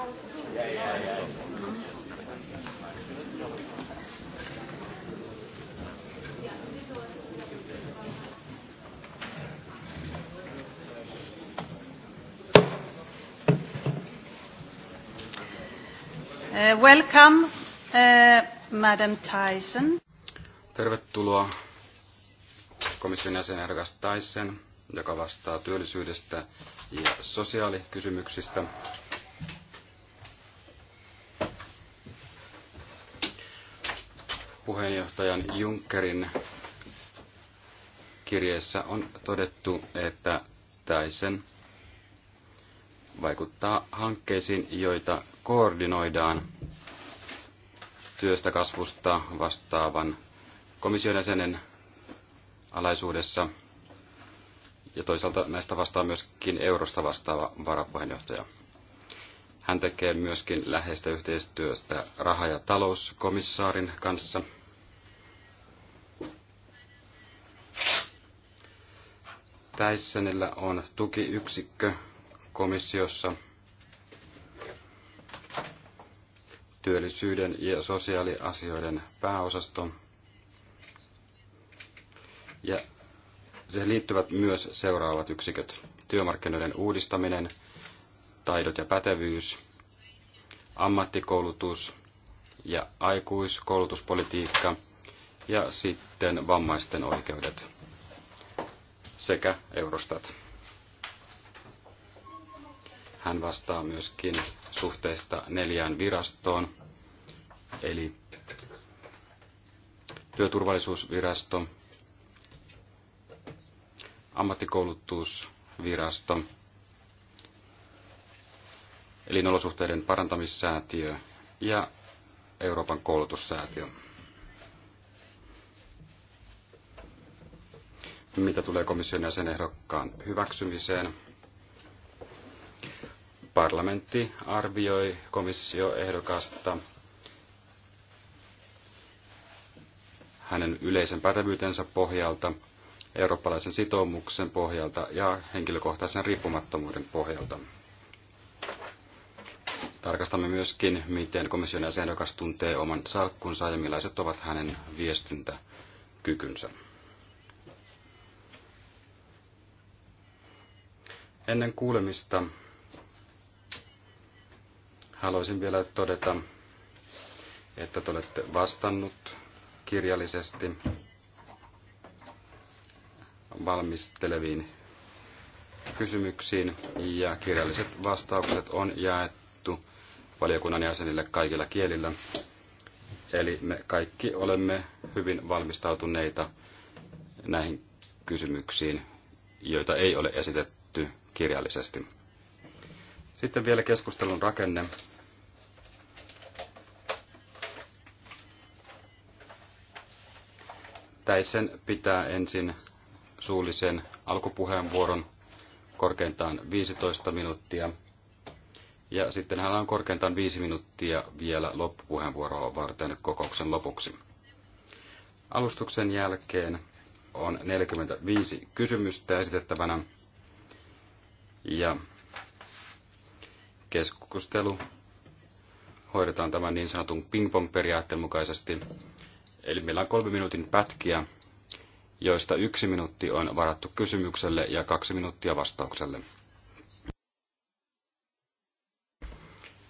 Uh, welcome, uh, Madam Tyson. Tervetuloa komission Ergas Tyson, joka vastaa työllisyydestä ja sosiaalikysymyksistä. puheenjohtajan Junckerin kirjeessä on todettu, että Täisen vaikuttaa hankkeisiin, joita koordinoidaan työstä kasvusta vastaavan komission jäsenen alaisuudessa. Ja toisaalta näistä vastaa myöskin eurosta vastaava varapuheenjohtaja. Hän tekee myöskin läheistä yhteistyöstä raha- ja talouskomissaarin kanssa – Täissenillä on tukiyksikkö komissiossa työllisyyden ja sosiaaliasioiden pääosasto. Ja siihen liittyvät myös seuraavat yksiköt. Työmarkkinoiden uudistaminen, taidot ja pätevyys, ammattikoulutus ja aikuiskoulutuspolitiikka ja sitten vammaisten oikeudet sekä Eurostat. Hän vastaa myöskin suhteesta neljään virastoon, eli työturvallisuusvirasto, ammattikoulutusvirasto, elinolosuhteiden parantamissäätiö ja Euroopan koulutussäätiö. mitä tulee komission jäsenehdokkaan hyväksymiseen. Parlamentti arvioi komissioehdokasta hänen yleisen pätevyytensä pohjalta, eurooppalaisen sitoumuksen pohjalta ja henkilökohtaisen riippumattomuuden pohjalta. Tarkastamme myöskin, miten komission jäsenehdokas tuntee oman salkkunsa ja millaiset ovat hänen viestintäkykynsä. Ennen kuulemista haluaisin vielä todeta, että te olette vastannut kirjallisesti valmisteleviin kysymyksiin ja kirjalliset vastaukset on jaettu valiokunnan jäsenille kaikilla kielillä. Eli me kaikki olemme hyvin valmistautuneita näihin kysymyksiin, joita ei ole esitetty esitetty kirjallisesti. Sitten vielä keskustelun rakenne. Täisen pitää ensin suullisen alkupuheenvuoron korkeintaan 15 minuuttia. Ja sitten hän on korkeintaan 5 minuuttia vielä loppupuheenvuoroa varten kokouksen lopuksi. Alustuksen jälkeen on 45 kysymystä esitettävänä ja keskustelu hoidetaan tämän niin sanotun ping-pong-periaatteen mukaisesti. Eli meillä on kolme minuutin pätkiä, joista yksi minuutti on varattu kysymykselle ja kaksi minuuttia vastaukselle.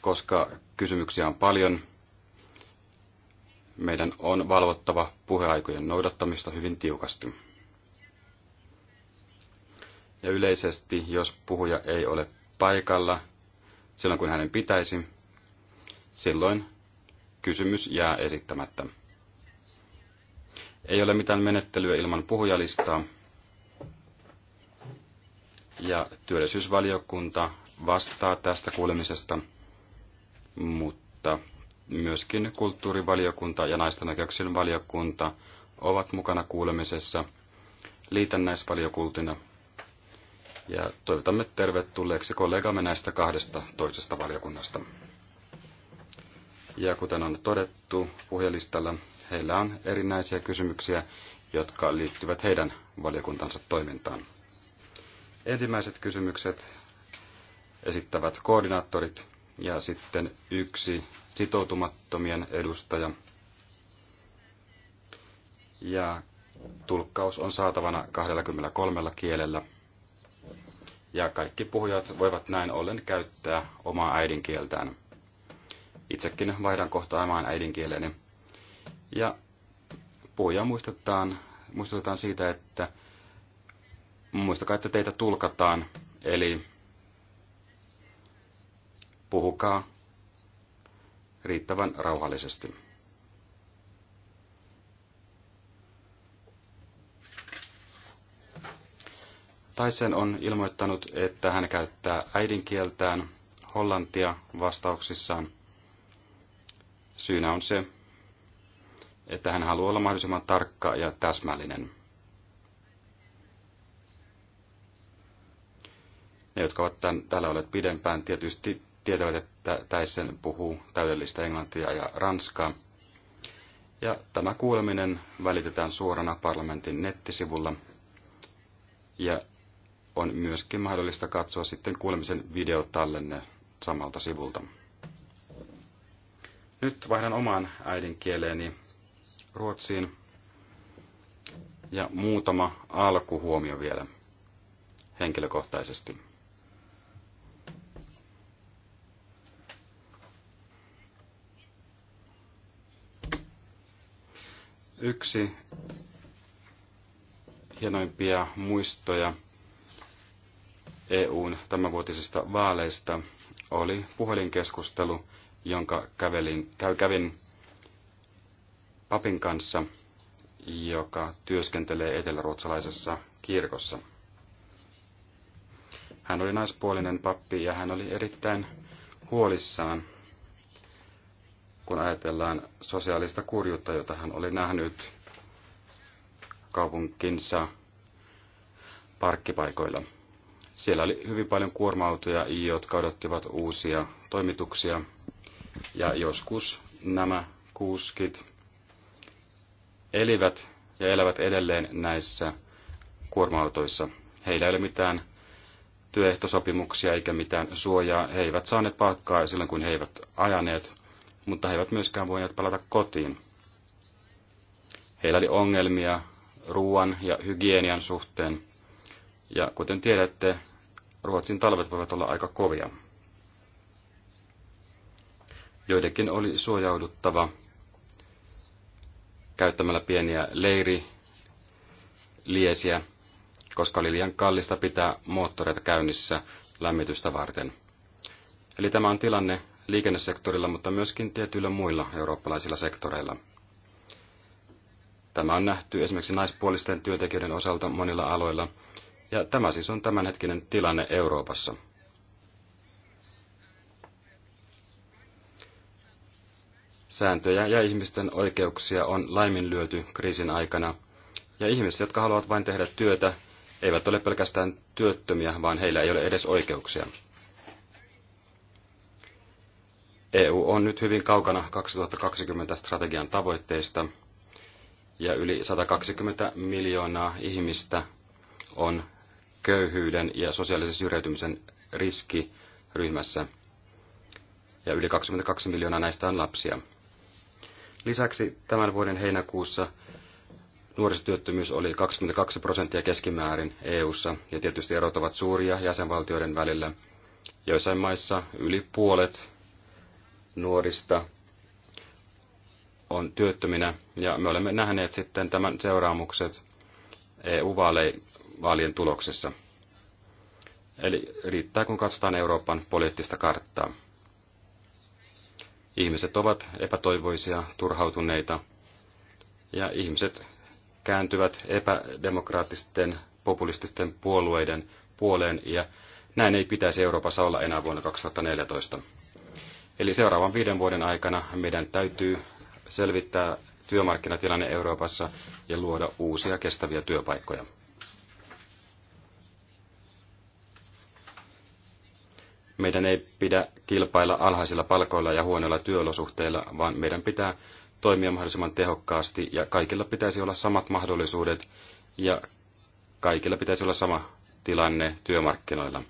Koska kysymyksiä on paljon, meidän on valvottava puheaikojen noudattamista hyvin tiukasti. Ja yleisesti, jos puhuja ei ole paikalla silloin kun hänen pitäisi, silloin kysymys jää esittämättä. Ei ole mitään menettelyä ilman puhujalistaa. Ja työllisyysvaliokunta vastaa tästä kuulemisesta, mutta myöskin kulttuurivaliokunta ja naisten oikeuksien valiokunta ovat mukana kuulemisessa liitännäisvaliokuntina ja toivotamme tervetulleeksi kollegamme näistä kahdesta toisesta valiokunnasta. Ja kuten on todettu puhelistalla, heillä on erinäisiä kysymyksiä, jotka liittyvät heidän valiokuntansa toimintaan. Ensimmäiset kysymykset esittävät koordinaattorit ja sitten yksi sitoutumattomien edustaja. Ja tulkkaus on saatavana 23 kielellä ja kaikki puhujat voivat näin ollen käyttää omaa äidinkieltään. Itsekin vaihdan kohta omaan äidinkieleni. Ja puhuja muistetaan, muistutetaan siitä, että muistakaa, että teitä tulkataan, eli puhukaa riittävän rauhallisesti. Taisen on ilmoittanut, että hän käyttää äidinkieltään hollantia vastauksissaan. Syynä on se, että hän haluaa olla mahdollisimman tarkka ja täsmällinen. Ne, jotka ovat tämän, täällä olleet pidempään, tietysti tietävät, että Taisen puhuu täydellistä englantia ja ranskaa. Ja tämä kuuleminen välitetään suorana parlamentin nettisivulla. Ja on myöskin mahdollista katsoa sitten kuulemisen videotallenne samalta sivulta. Nyt vaihdan omaan äidinkieleeni ruotsiin ja muutama alkuhuomio vielä henkilökohtaisesti. Yksi hienoimpia muistoja EUn tämänvuotisista vaaleista oli puhelinkeskustelu, jonka kävelin, kävin papin kanssa, joka työskentelee eteläruotsalaisessa kirkossa. Hän oli naispuolinen pappi ja hän oli erittäin huolissaan, kun ajatellaan sosiaalista kurjuutta, jota hän oli nähnyt kaupunkinsa parkkipaikoilla. Siellä oli hyvin paljon kuorma-autoja, jotka odottivat uusia toimituksia. Ja joskus nämä kuuskit elivät ja elävät edelleen näissä kuorma-autoissa. Heillä ei ole mitään työehtosopimuksia eikä mitään suojaa. He eivät saaneet palkkaa silloin, kun he eivät ajaneet, mutta he eivät myöskään voineet palata kotiin. Heillä oli ongelmia ruoan ja hygienian suhteen. Ja kuten tiedätte, Ruotsin talvet voivat olla aika kovia. Joidenkin oli suojauduttava käyttämällä pieniä leiriliesiä, koska oli liian kallista pitää moottoreita käynnissä lämmitystä varten. Eli tämä on tilanne liikennesektorilla, mutta myöskin tietyillä muilla eurooppalaisilla sektoreilla. Tämä on nähty esimerkiksi naispuolisten työntekijöiden osalta monilla aloilla, ja tämä siis on tämänhetkinen tilanne Euroopassa. Sääntöjä ja ihmisten oikeuksia on laiminlyöty kriisin aikana, ja ihmiset, jotka haluavat vain tehdä työtä, eivät ole pelkästään työttömiä, vaan heillä ei ole edes oikeuksia. EU on nyt hyvin kaukana 2020 strategian tavoitteista, ja yli 120 miljoonaa ihmistä on köyhyyden ja sosiaalisen syrjäytymisen riskiryhmässä. Ja yli 22 miljoonaa näistä on lapsia. Lisäksi tämän vuoden heinäkuussa nuorisotyöttömyys oli 22 prosenttia keskimäärin EU:ssa ja tietysti erot ovat suuria jäsenvaltioiden välillä. Joissain maissa yli puolet nuorista on työttöminä ja me olemme nähneet sitten tämän seuraamukset eu vaaleja vaalien tuloksessa. Eli riittää, kun katsotaan Euroopan poliittista karttaa. Ihmiset ovat epätoivoisia, turhautuneita, ja ihmiset kääntyvät epädemokraattisten populististen puolueiden puoleen, ja näin ei pitäisi Euroopassa olla enää vuonna 2014. Eli seuraavan viiden vuoden aikana meidän täytyy selvittää työmarkkinatilanne Euroopassa ja luoda uusia kestäviä työpaikkoja. Meidän ei pidä kilpailla alhaisilla palkoilla ja huonoilla työolosuhteilla, vaan meidän pitää toimia mahdollisimman tehokkaasti ja kaikilla pitäisi olla samat mahdollisuudet ja kaikilla pitäisi olla sama tilanne työmarkkinoilla.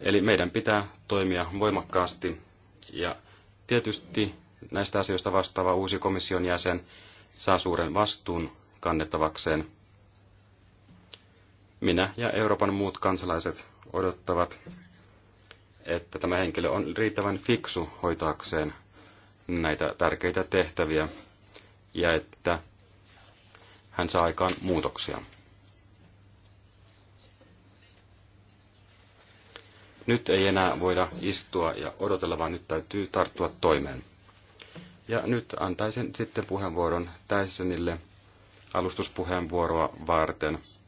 Eli meidän pitää toimia voimakkaasti ja tietysti näistä asioista vastaava uusi komission jäsen saa suuren vastuun kannettavakseen. Minä ja Euroopan muut kansalaiset odottavat että tämä henkilö on riittävän fiksu hoitaakseen näitä tärkeitä tehtäviä ja että hän saa aikaan muutoksia. Nyt ei enää voida istua ja odotella, vaan nyt täytyy tarttua toimeen. Ja nyt antaisin sitten puheenvuoron Täisenille alustuspuheenvuoroa varten –